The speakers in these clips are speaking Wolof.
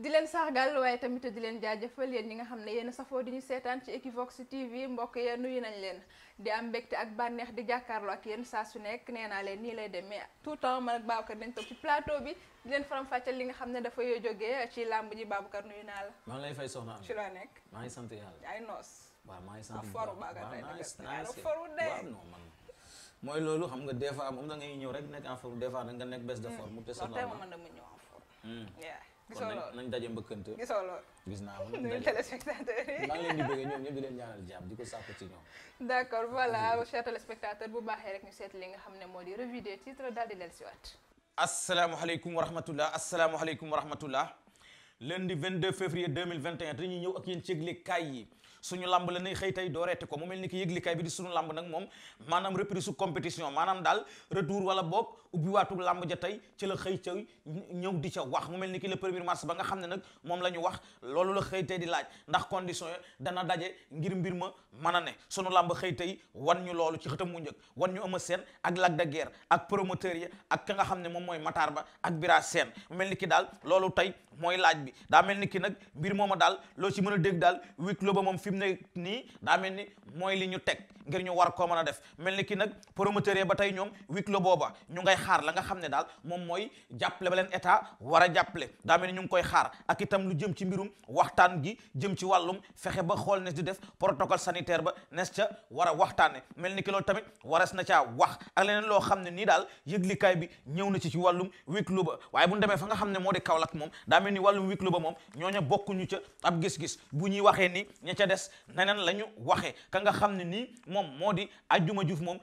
di leen sargal waaye tamit di leen jaajëfal yéen ñi nga xam ne yéen safoo di ñu seetaan ci Equivox TV mbokk ya nuyu nañ leen di am mbégte ak bànneex di jàkkaarloo ak yéen saa su nekk nee naa leen nii lay demee tout temps man ak Babacar dañ toog ci plateau li nga xam ne dafa yoo jógee ci làmb ji Babacar nuyu naa la. maa ngi lay fay soxna am ci nekk. maa ngi sant yàlla. ay noos. waaw maa ngi sant yàlla foru baaga tey nag foru de. mooy loolu xam nga des fois moom da ngay ñëw rek nekk en forme des fois da nga nekk baisse de hmm. gisoo lool nañ daje mbëkkante gisoo lool gis naa téléspectateur yi maa leen di bëgg ñoom ñëpp di leen ñaanal jàmm di ko sàkku ci ñoom d'accord voilà cher téléspectateur bu baaxee rek ñu seet li nga xam ne moo di revue des titres daal di leen si waat asalaamaaleykum wa rahmatullah asalaamaaleykum wa rahmatullah lundi 22 février 2021 dañuy ñëw ak yéen ci yëglekaay yi suñu lamb la nay xëy tay dooreete ko mu mel ni ki yëglekaay bi di suñu lamb nag moom maanaam reprise su compétition maanaam daal retour wala boog ubbi waatul làmb ja tey ci la xëy ca ñëw di ca wax mu mel ni ki le premier mars ba nga xam ne nag moom la ñu wax loolu la xëy tey di laaj ndax condition yi dana daje ngir mbir ma mën a ne sunu làmb xëy tey wan ñu loolu ci xëtam mu njëkk wan ñu Eumeu Sène ak Lac de Guiers ak promoteur yi ak ka nga xam ne moom mooy Matar Ba ak Bira seen mu mel ni kii daal loolu tey mooy laaj bi daa mel ni kii nag mbir mooma daal loo ci mën a dégg daal huis clos ba moom fi mu ne nii daa mel ni mooy li ñu teg ngir ñu war koo mën a def mel ni ki nag promoteur yi ba tey ñoom huis clos booba xaar la nga xam ne daal moom mooy jàppale ba leen état war a jàppale daa mel ni ñu ngi koy xaar ak itam lu jëm ci mbirum waxtaan gi jëm ci wàllum fexe ba xool nes di def protocole sanitaire ba nes ca wara a waxtaane mel ni ki loolu tamit waras na caa wax ak leneen loo xam ne nii daal yëglikaay bi ñëw na ci ci wàllum huis clos ba waaye bu ñu demee fa nga xam ne moo di Kaolack moom daa mel ni wàllum huis clos ba moom ñooña bokkuñu ca ab gis-gis bu ñuy waxee nii ña ca des neneen la waxee ka nga xam ne nii moom moo di Ajjuma Juuf moom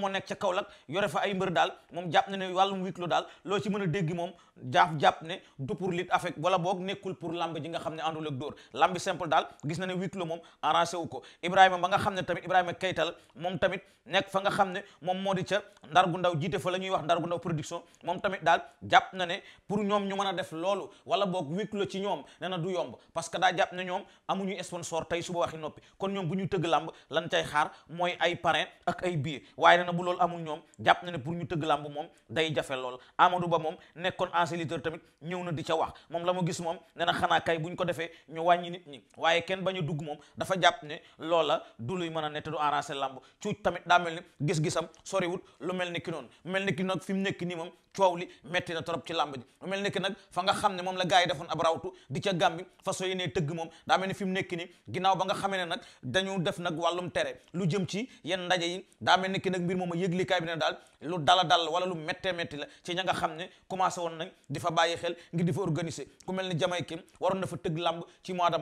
moo moo nekk ca Kaolack yore fa ay mbër daal moom jàpp na ne wàllum wiklo daal loo ci mën a dégg moom jaaf jàpp ne du pour lutte avec wala boog nekkul pour lamb ji nga xam ne àndul ak dóor lamb simple daal gis na ne wiklo moom arrangé wu ko Ibrahima ba nga xam ne tamit Ibrahima Kaytal moom tamit nekk fa nga xam ne moom moo di ca ndar gu ndaw jiite fa la ñuy wax ndar gu ndaw production moom tamit daal jàpp na ne pour ñoom ñu mën a def loolu wala boog wiklo ci ñoom nee na du yomb parce que daa jàpp ne ñoom amuñu sponsor tey suba waxi noppi kon ñoom bu ñu tëgg lamb lan cay xaar mooy ay parrain na bu loolu amul ñoom jàpp na ne pour ñu tëgg làmb moom day jafe lool Amadou Ba moom nekkoon ancien lutteur tamit ñëw na di ca wax moom la mu gis moom ne na xanaa kay bu ñu ko defee ñu wàññi nit ñi waaye kenn bañ a dugg moom dafa jàpp ne loola du luy mën a ne te du arranger làmb cuuc tamit daa mel ni gis-gisam soriwut lu mel ni ki noonu mel ni ki nag fi mu nekk nii moom coow li metti na trop ci làmb ji lu mel ni ki nag fa nga xam ne moom la gaa yi defoon ab rawtu di ca gàmbi façon yi ne tëgg moom daa mel ni fi mu nekk nii ginnaaw ba nga xamee ne nag dañu def nag wàllum tere lu jëm ci moom a yëglikaay bi ne daal lu dala dal wala lu méttee métti la ci ña nga xam ne commencé woon nañ di fa bàyyi xel ngir di fa organiser ku mel ni Jamaïque waroon na fa tëgg lamb ci mois de a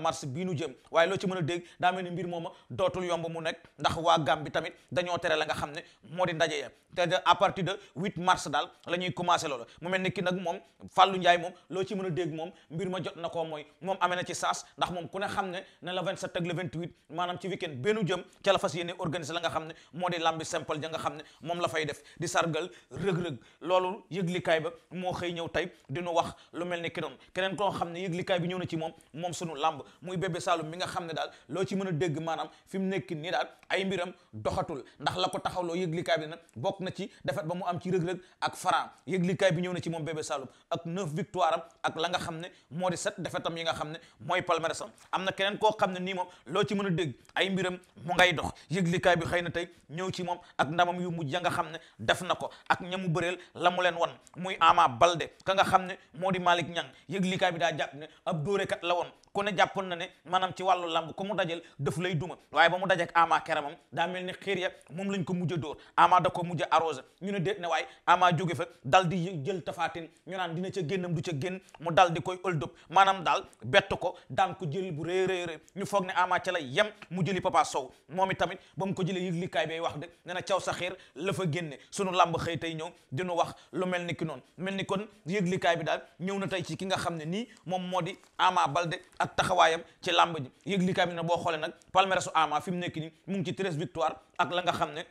a maanaam ci week-end bennu jëm ca la fas yéene organiser la nga xam ne moo di lambi simple ja xam xam ne moom la fay def di sargal rëg-rëg loolu yëglikaay ba moo xëy ñëw tey di wax lu mel ni keneen keneen koo xam ne yëglikaay bi ñëw na ci moom moom sunu làmb muy bébé Saloum mi nga xam ne daal loo ci mën a dégg maanaam fi mu nekk nii daal ay mbiram doxatul ndax la ko taxawloo yëglikaay bi nag bokk na ci defet ba mu am ci rëg-rëg ak Franc yëglikaay bi ñëw na ci moom bébé Saloum ak neuf victoire am ak la nga xam ne moo di set defetam yi nga xam ne mooy palmarès am am na keneen koo xam ne nii moom loo ci mën a dégg ay mbiram mu ngay dox yëglikaay bi xëy na tey ñëw ci moom ak ndamam yu mujj ya nga xam ne def na ko ak ñamu bëreel la mu leen won muy Ama Balde ka nga xam ne moo di Malick ñan yëg likaay bi daa jàpp ne ab dóorekat la woon ku ne jàppoon na ne maanaam ci wàllu lamb ko mu dajal daf lay duma waaye ba mu dajek ama keramam daa mel ni xiir ya moom lañ ko mujj a dóor ama da ko mujj a arrosé ñu ne déet ne waaye ama jóge fa dal di jël tafaatin ñu naan dina ca génnam du ca génn mu dal di koy ëldëb maanaam daal bett ko daan ko jël bu rëy rëy ñu foog ne ama ca la yem mu jëli papa sow moom i tamit ba mu ko jëlee yëg likaay bay wax de ne na caw sa xiir la fa génne sunu làmb xëy tey ñëw dinu wax lu mel ni ki noonu mel ni kon yëg bi daal ñëw na tey ci ki nga xam ne nii moom moo di ama balde ak taxawaayam ci làmb ji yëg li kaay bi nag boo xoolee nag palmarèsu Ama fi mu nekk nii mu ngi ci treize victoire ak la nga xam ne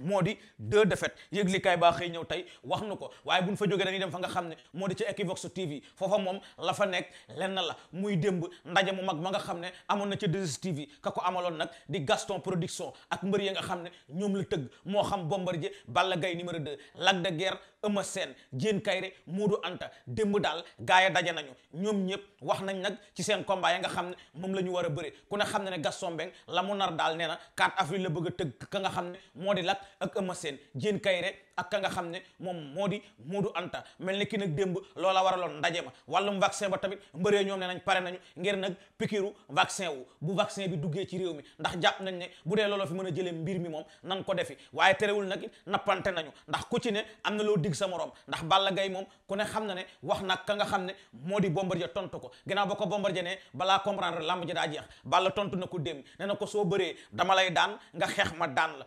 moo di deux défaites yëglikaay baa xëy ñëw tey wax nu ko waaye bu buñ fa jógee dañuy dem fa nga xam ne moo di ci Equivox TV foofa moom la fa nekk lenn la muy démb ndaje mu mag ma nga xam ne amoon na ci 2STV ka ko amaloon nag di Gaston Production ak mbër yi nga xam ne ñoom la tëgg moo xam bombar Bombardier Balla Gaye numéro 2 Lac de Guerre Eumeu Sène Diène Kairé Modou Anta démb daal gaa ya daje nañu ñoom ñëpp wax nañ nag ci seen combat ya nga xam ne moom la ñu war a bëre ku ne xam ne ne Gaston Mbengue la mu nar daal nee na 4 avril la bëgg tëgg ka nga xam ne moo di Lac ak seen Sène kay rek ak ka nga xam ne moom moo di Modou Anta mel ne ki nag démb loola waraloon ndaje ma wàllum vaccin ba tamit mbëree ñoom ne nañ pare nañu ngir nag pikiru vaccin wu bu vaccin bi duggee ci réew mi ndax jàpp nañ ne bu dee looloo fi mën a jëlee mbir mi moom nan ko defi waaye terewul nag nappante nañu ndax ku ci ne am na loo dig sa morom ndax Balla Gaye moom ku ne xam na ne wax nag ka nga xam ne moo di Bombardier tontu ko ginnaaw ba ko Bombardier ne balaa comprendre lamb ji daa jeex Balla tontu na ko démb ne na ko soo baree dama lay daan nga xeex ma daan la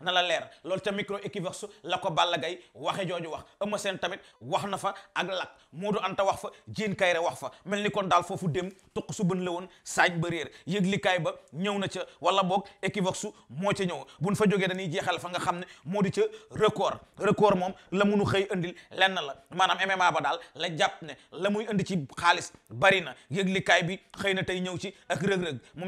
na la leer loolu ca micro équivox la ko Balla Gaye waxe jooju wax Eumeu seen tamit wax na fa ak moo du Anta wax fa Diène Kaïré wax fa mel ni kon daal foofu dem tuq su bën la woon saañ ba réer yëglikaay ba ñëw na ca wala boog équivox moo ca ñëw bu buñ fa jogee dañuy jeexal fa nga xam ne moo di ca record record moom la munu xëy indil lenn la maanaam MMA ba daal la jàpp ne la muy indi ci xaalis bari na yëglikaay bi xëy na tey ñëw ci ak rëg-rëg mu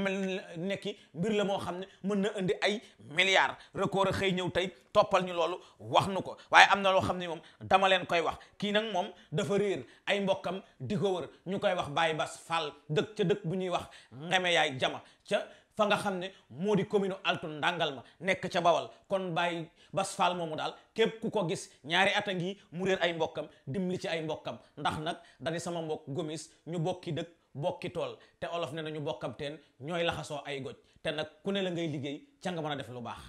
nekki mbir la moo xam ne mën na indi ay milliards ko war a xëy ñëw tey toppal ñu loolu wax nu ko waaye am na loo xam ne moom dama leen koy wax kii nag moom dafa réer ay mbokkam di ko wër ñu koy wax Baye Bass Fall dëkk ca dëkk bu ñuy wax Ngeme yaay jama ca fa nga xam ne moo di commune altu ndàngal ma nekk ca bawal kon Baye Bass Fall moomu daal képp ku ko gis ñaari at a ngi mu réer ay mbokkam dimbali ci ay mbokkam ndax nag dani sama mbokk gomis ñu bokki dëkk bokki tool te olof ne ñu bokkam teen ñoo laxasoo ay goj te nag ku ne la ngay liggéey ca def lu baax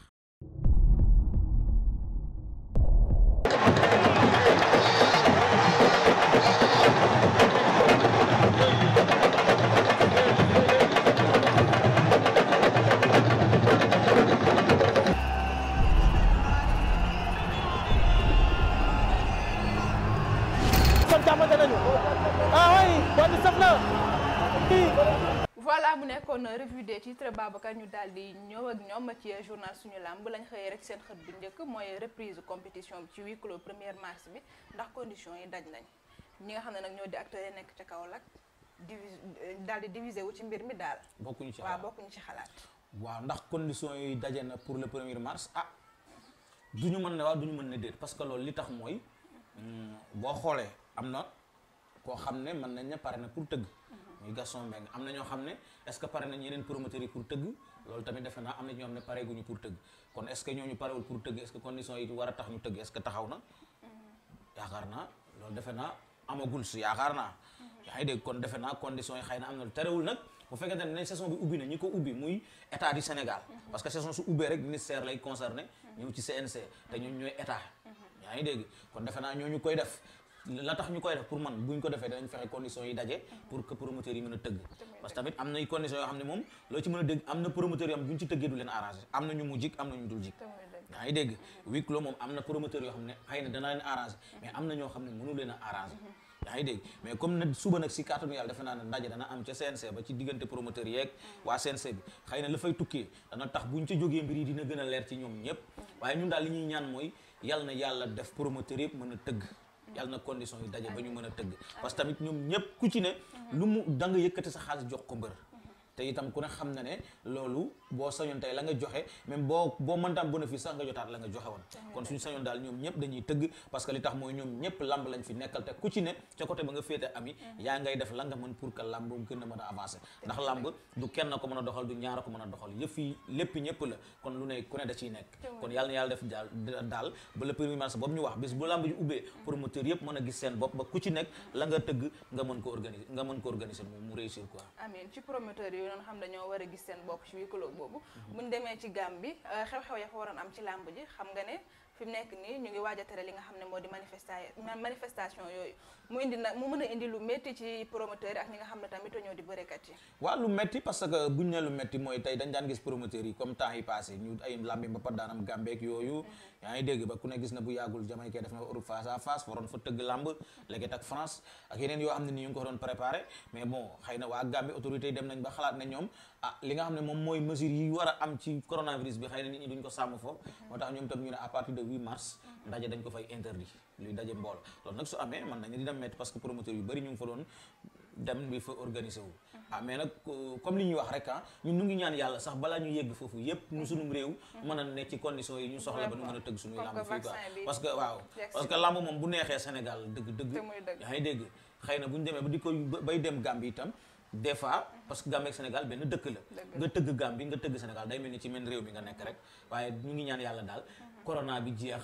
nekkoon revue ci titres Babacar ñu daal di ñëw ak ñoom ci journal suñu làmb lañ xëyee rek seen xët bu njëkk mooy reprise compétition bi ci huis clos premier mars bi ndax condition yi daj nañ ñi xam ne nag ñoo di acteurs yi nekk ca Kaolack divis daal di diviser wu ci mbir mi daal. bokkuñu ci xalaat bokkuñu ci xalaat. waaw ndax conditions yi daje na pour le premier mars ah du ñu mën ne waaw du ñu mën ne déet parce que loolu li tax mooy hmm, boo xoolee am na koo xam ne mën nañ ne pare na pour tëgg. muy Gaston Mbengue am na ñoo xam ne est-ce que pare nañ yeneen promoteurs yi pour tëgg loolu tamit defe naa am na ñoo xam ne pare guñu pour tëgg kon est-ce que ñooñu parewul pour tëgg est a tax tëgg est-ce que taxaw na yaakaar naa loolu defe naa amagul si yaakaar naa mhm. yaa ngi dégg kon defe naa conditions yi xëy na am na terewul nag bu fekkente ne saison ubbi na ñi ko ubbi muy état du Sénégal mhm. parce que saison su ubbee rek ministère lay concerné mhm. ñëw ci CNC te ñun ñooy état yaa ngi dégg kon defe naa ñooñu koy def la tax ñu koy def pour man buñ ko defee danañ fexe conditions yi daje pour que promoteurs yi mën a tëgg parce que tamit am a dégg am na promoteurs ne na ñu mu jik am na ñu dul jik ne xëy na dana leen arrangé mais am na ñoo xam ne mënu leen a arrangé yaa ngi dégg mais comme nag suba nag si kàttanu yàlla dana ci diggante promoteur yeeg waa bi na la leer ci ñoom ñëpp waaye ñun daal li ñuy ñaan mooy na yàlla def promoteur yëpp mën a tëgg yàlla na condition yu daje ba ñu mën a tëgg parce que tamit ñoom ñëpp ku ci ne lu mu da nga yëkkati sa xaalis jox ko mbër te itam ku ne xam na ne loolu boo sañoon tey la nga joxe même woon kon suñu sañoon daal ñoom ñëpp dañuy tëgg parce que li tax mooy ñoom ñëpp lamb lañ fi nekkal te ku ci ne ca côté ba nga féete ami mhm. yaa ngay def la nga a mën a avancer kenn ko mën a doxal du ñaar ko mën a doxal yëf yi lépp ñëpp la kon ne ku ne nekk kon yàlla na yàlla def daal daal ba le premier mars boobu ñu wax bis bu lamb ji ubbee mhm. promoteur yëpp mën a gis seen bopp ba ku ci nekk la nga tëgg nga mën ko organiser nga mën ko organiser mu réussir quoi amiin ci promoteur doon xam dañoo war a gis seen bopp ci huis clos boobu mhm. buñ demee ci Gàmbi euh, xew-xew ya fa waroon am ci làmb ji xam nga ne fi mu nekk nii ñu ngi waaj a li nga xam ne moo di manifesta manifestation yooyu mu indi nag mu mën a indi lu métti ci promoteur yi ak ñi nga xam ne tamit ñoo di bërekat yi waaw lu métti parce que buñ ne lu métti mooy tey dañ daan gis promoteurs yi comme temps yi passé ñu ay lambi ba par daanam gàmbeek mhm. ba ku ne na bu yàggul jamaykee def na Europe face à face waroon fa tëgg lamb léegi xam ne ni ñu ngi ko doon préparé mais bon xëy na waa Gambie autorités yi dem nañ ba xalaat na ñoom ah li nga xam ne moom mooy mesures yi war a am ci coronavirus bi xëy na nit ñi duñ ko sàmm foofu mhm. moo tax ñoom tam ñu ne à partir de 8 mars ndaje dañ ko fay luy daje mbool loolu nag su amee man nañu dina métti parce que promoteur yu bëri ñu ngi fa doon dem bi fa organiser wu mhm. ah mais nag euh, comme li ñuy wax rek ah ñun nu ngi ñaan yàlla sax balaa ñu yegg foofu yëpp ñu réew mhm. mën a nekk ci conditions yi ñu soxla ba a tëgg suñuy làmb parce que waaw parce que neexee Sénégal dëgg dëgg yaa dégg xëy na bu demee ba di ko bay dem Gambie itam des fois mhm. parce que Gambie ak Sénégal dëkk la nga tëgg Gambie nga tëgg Sénégal day mel ni ci men réew mi nga nekk rek waaye ñu ngi ñaan yàlla daal corona bi jeex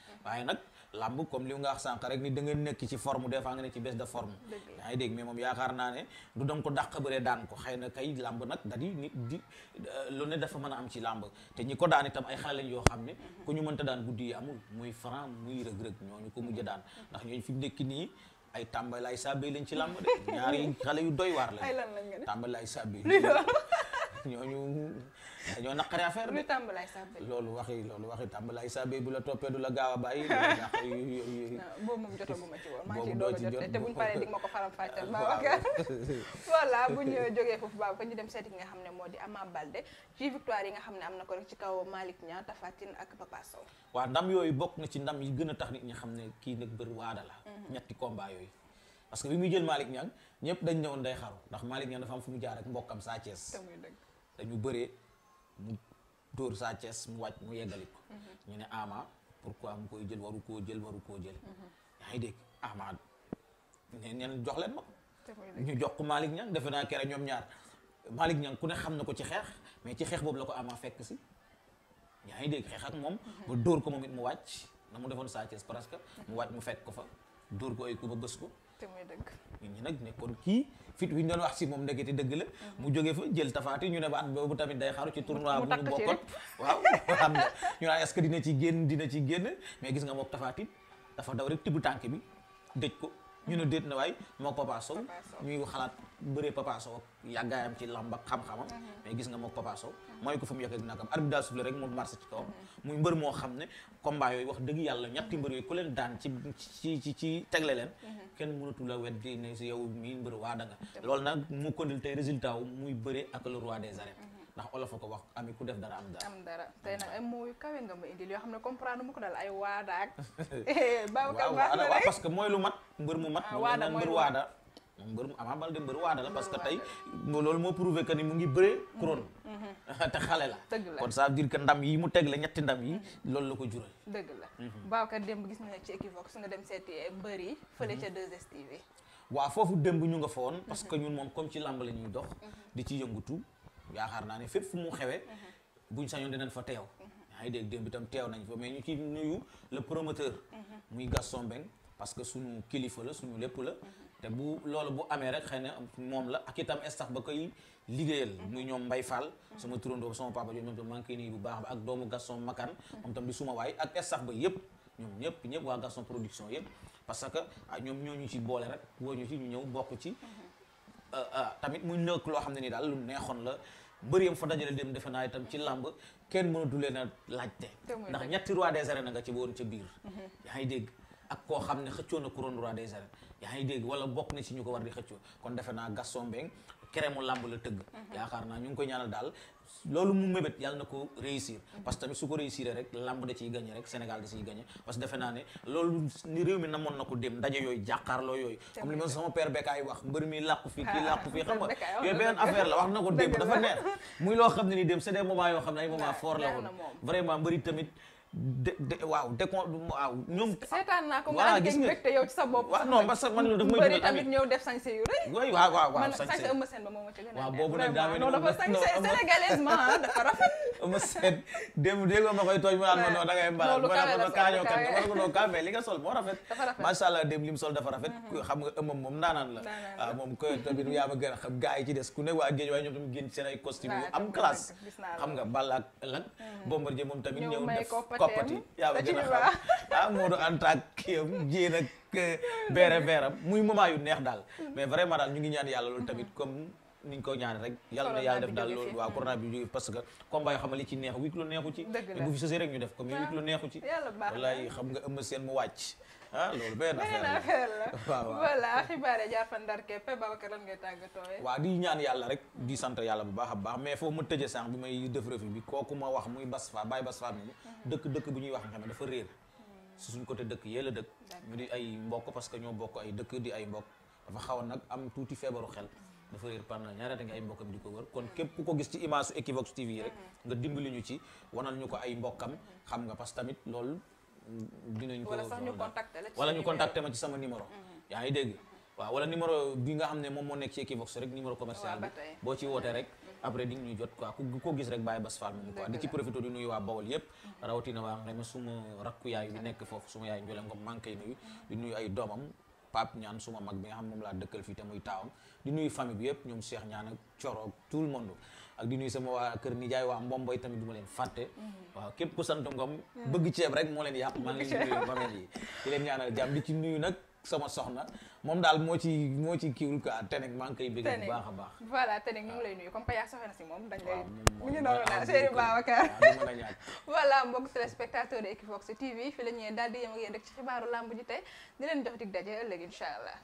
waaye nag làmb comme li nga wax sànq rek ni da nga nekk ci forme des fois nga nekk ci baisse de moom yaakaar naa ne du danga ko daan ko xëy na kay làmb nag da di nit euh, dafa mën a am ci làmb te ñi ko daan itam ay xale yoo xam ne ku ñu mënta daan guddi yi amul muy franc muy rëg-rëg ñooñu ko mujj daan ndax ñooñu fi mu nekk nii ay tàmbali ay sàbbi lañ ci làmb de ñaari xale yu doy waar lañ tàmbali ay sàbbi ñooñu ñoo naqari affaire de tàmbalaay sàbbe loolu waxi loolu waxi tàmbalaay sàbbe bu la toppee du la gaaw a bàyyi boobu moom jotaguma ci woon maa ngi doog a jot te buñ paree di ma ko faram fàcceel Babacar voilà bu ñu jógee foofu Babacar ñu dem seeti nga xam ne moo di Ama Baldé ci victoire yi nga xam ne am na ko rek ci kaw Malick Niang Tapha ak Papa Sow waaw ndam yooyu bokk na ci ndam yi gën a tax nit ñi xam ne kii nag bër waada la mhm. ñetti combat yooyu parce que bi muy jël Malick Niang ñëpp dañ ñëwoon day xaru ndax Malick Niang dafa am fu mu jaar ak mbokkam Sa dañu bëree mu dóor Sa mu wàcc mu yeggali ko mhm. ñu ne Ama pourquoi mu koy jël waru koo jël waru koo jël mhm. yaa ngi dégg Ama ne neen jox leen ma ñu jox ko Malick Niang defe naa kere ñoom ñaar Malick Niang ku ne xam na ko ci xeex mais ci xeex boobu la ko Ama fekk si yaa ngi dégg xeex ak moom mhm. ba dóor ko moom it mu wàcc na mu defoon Sa Thiès que mu wàcc mu fekk ko fa dóor ko ay ku ba bës ko te muy dëgg nit ñi nag nekkoon kii fit wi ñu doon wax si moom ndekete dëgg la mu jógee fa jël tafaati ñu ne ba at boobu tamit day xaru ci tournoi bu ñu bokkoon waaw ñu naan est dina ci génn dina ci génn mais gis nga mook tafaatin dafa daw rek tibb tànk bi dëj ko ñu ne déet na waay mook Papa Sow ñuy xalaat bëree Papa Sow ak yàggaayam ci làmb ak xam-xamam mhm. mais gis nga mook Papa Sow mhm. mooy ko fu mu yekk ak nakam arbitre daa soufflé rek mu marché ci kawam mhm. muy mbër moo xam ne combat yooyu wax dëgg yàlla ñetti mbër yooyu ku leen daan ci ci ci ci tegle leen kenn mënatu la wet di si yow mii mbër waa da nga loolu nag mu kondil tey résultat muy bëree ak le roi des arènes ndax olof a ko wax ami ku def dara am dara. am tey nag ay mots yu kawe nga ma indil yoo xam ne comprendre mu ko daal ay waada ak. Babacar baax que mooy lu mat mbër mu mat. Ah, waada mooy lu mat mbër mu Ama Baldé mbër waada la parce que loolu moo prouvé que mu ngi bëree mm-hmm. couronne mm-hmm. te xale la ndam yi mu teg la ñetti ndam yi mm-hmm. loolu la ko jural la baawkat démb gis na ci dem seeti eh, mbër waaw foofu démb ñu nga fa parce que ñun moom comme ci làmb la ñuy dox di ci yëngutu yaakaar naa ne fépp fu mu xewee mhm. buñ sañoon dinañ fa teew mhm. yaa ngi mais ñu ci nuyu le promoteur mhm. muy Gaston Mbengue parce que suñu kilifa la suñu lépp la te bu loolu bu amee rek xëy na moom la ak itam staff ba koy liggéeyal mu ñoom Mbay Fall sama turandoo sama papa jooju moom tam maa ngi bu baax ba ak doomu Gaston Makan moom tam di suma waay ak staff ba yépp ñoom ñëpp ñëpp waa Gaston production yëpp parce que ah, ñoom ñoo ñu ci boole rek woo ñu ci ñu ñëw bokk ci euh, euh, tamit muy nëkk loo mbër yam fa dajale dem defe naa itam ci làmb kenn mënu du leen a laajte ndax ñetti roi des arènes nga ci woon ca biir mhm. yaa ngi dégg ak koo xam ne xëccoo na couronne roi des arènes yaa dégg wala bokk na ci ñu ko war di xëccoo kon defe naa Gaston Mbengue keremu làmb la tëgg mhm. yaakaar naa ñu ngi koy ñaanal daal loolu mu mébét yàlla na ko réussir mhm. parce tamit su ko réussir rek làmb da ciy gagné rek Sénégal da ciy gagné parce defe naa ne loolu ni réew mi namoon na ko dem ndaje yooyu jàkkaarloo yooyu comme li ma sama père Bekaay wax mbër mi làqu fii kii làqu fii xam nga yooyu beneen affaire la wax na ko dem dafa neex muy loo xam ne ni dem c'est des moments yoo xam ne ay moment fort la woon vraiment mbëri de de waaw décon waaw ñoom. seetaan naa ko nga gis nga sa bopp. waaw non parce que man daf may tamit ñëw def sañse yu rëy. waaw waaw waaw sañse Eumeu Sène ba moom a. waaw ah, ma koy tooñ mu ma non a li nga sol moo rafet. dafa macha allah démb li sol dafa rafet. Mm-hmm. xam nga Eumeu moom naanaan la. Ah, moom koy tamit yaa ma gën a xam gars yi ci des ku ne waa génn seen ay costume yu am classe. xam nga Balla lan mm-hmm. Bombardier moom tamit ñëw def koppati yaa ma gën a xam ah Modou Anta ak kiyam jéen ak beere euh, beeram muy moment yu neex daal mm. mais vraiment daal ñu ngi ñaan yàlla loolu tamit comme ni ñu ko ñaan rek yàlla na yàlla def daal loolu waaw corona bi jóge parce que combat yoo xam ne li ci neex wii kilo neexu ci bu fi sësee rek ñu def ko wii kilo ah. neexu ci wallaay seen mu wàcc ah loolu benn affaire la waaw voilà xibaare jaar fa ndar képp waaw di ñaan yàlla rek di sant yàlla bu baax a baax mais foofu ma tëjee sànq bi may def refi bi kooku ma wax muy bas fa bàyyi bas fa mi mhm. dëkk dëkk bi ñuy wax nga xam dafa réer mhm. su suñ côté dëkk yee la dëkk ñu di ay mbokk parce que ñoo bokk ay dëkk di ay mbokk dafa xaw nag am tuuti feebaru xel dafa réer pendant ñaari at nga ay mbokkam di ko wër kon képp ku ko gis ci image su Equivox TV yi rek mm-hmm. nga dimbali ñu ci wanal ñu ko ay mbokkam mm-hmm. xam nga parce que tamit loolu dinañ ko wala ñu contacté ma ci sama numéro mm-hmm. yaa ngi dégg waaw wala numéro bi nga xam ne moom moo nekk ci Equivox rek numéro commercial bi boo ci wootee rek après di nga ñu jot quoi ku ko gis di ci profité di nuyu waa Bawol yépp rawatina waa Ngema suma rakku yaay bi nekk foofu suma yaay Ndiolé Ngom maa ngi koy nuyu di nuyu ay doomam Pape ñaan suma mag bi nga xam moom laa dëkkal fii te muy taawam di nuyu famille bi yëpp ñoom Cheikh ñaan ak Coro tout le monde ak di nuyu sama waa kër nijaay waa Mbomboy tamit du ma leen fàtte mhm. waaw képp ku sant Ngom mhm. bëgg ceeb rek moo leen yàq maa ngi leen di nuyu famille yi di leen ñaanal jàmm di ci nuyu nag sama soxna moom daal moo ci moo ci kiiwul quoi tenek maa ngi koy bëgg bu baax a baax voilà tenek ñu ngi lay nuyu comme paya soxee na si moom dañ lay mu ngi noonu daal Serigne Babacar voilà mbokk téléspectateur de Equivox TV fi daal di yem ak yéen rek ci xibaaru làmb tey di leen jox dig daje ëllëg incha allah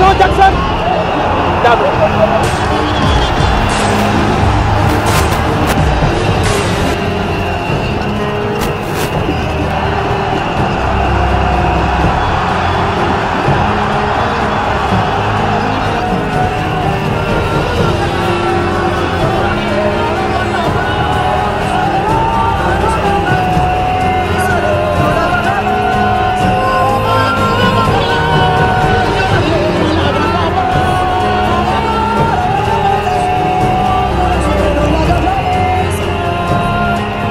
attention Jackson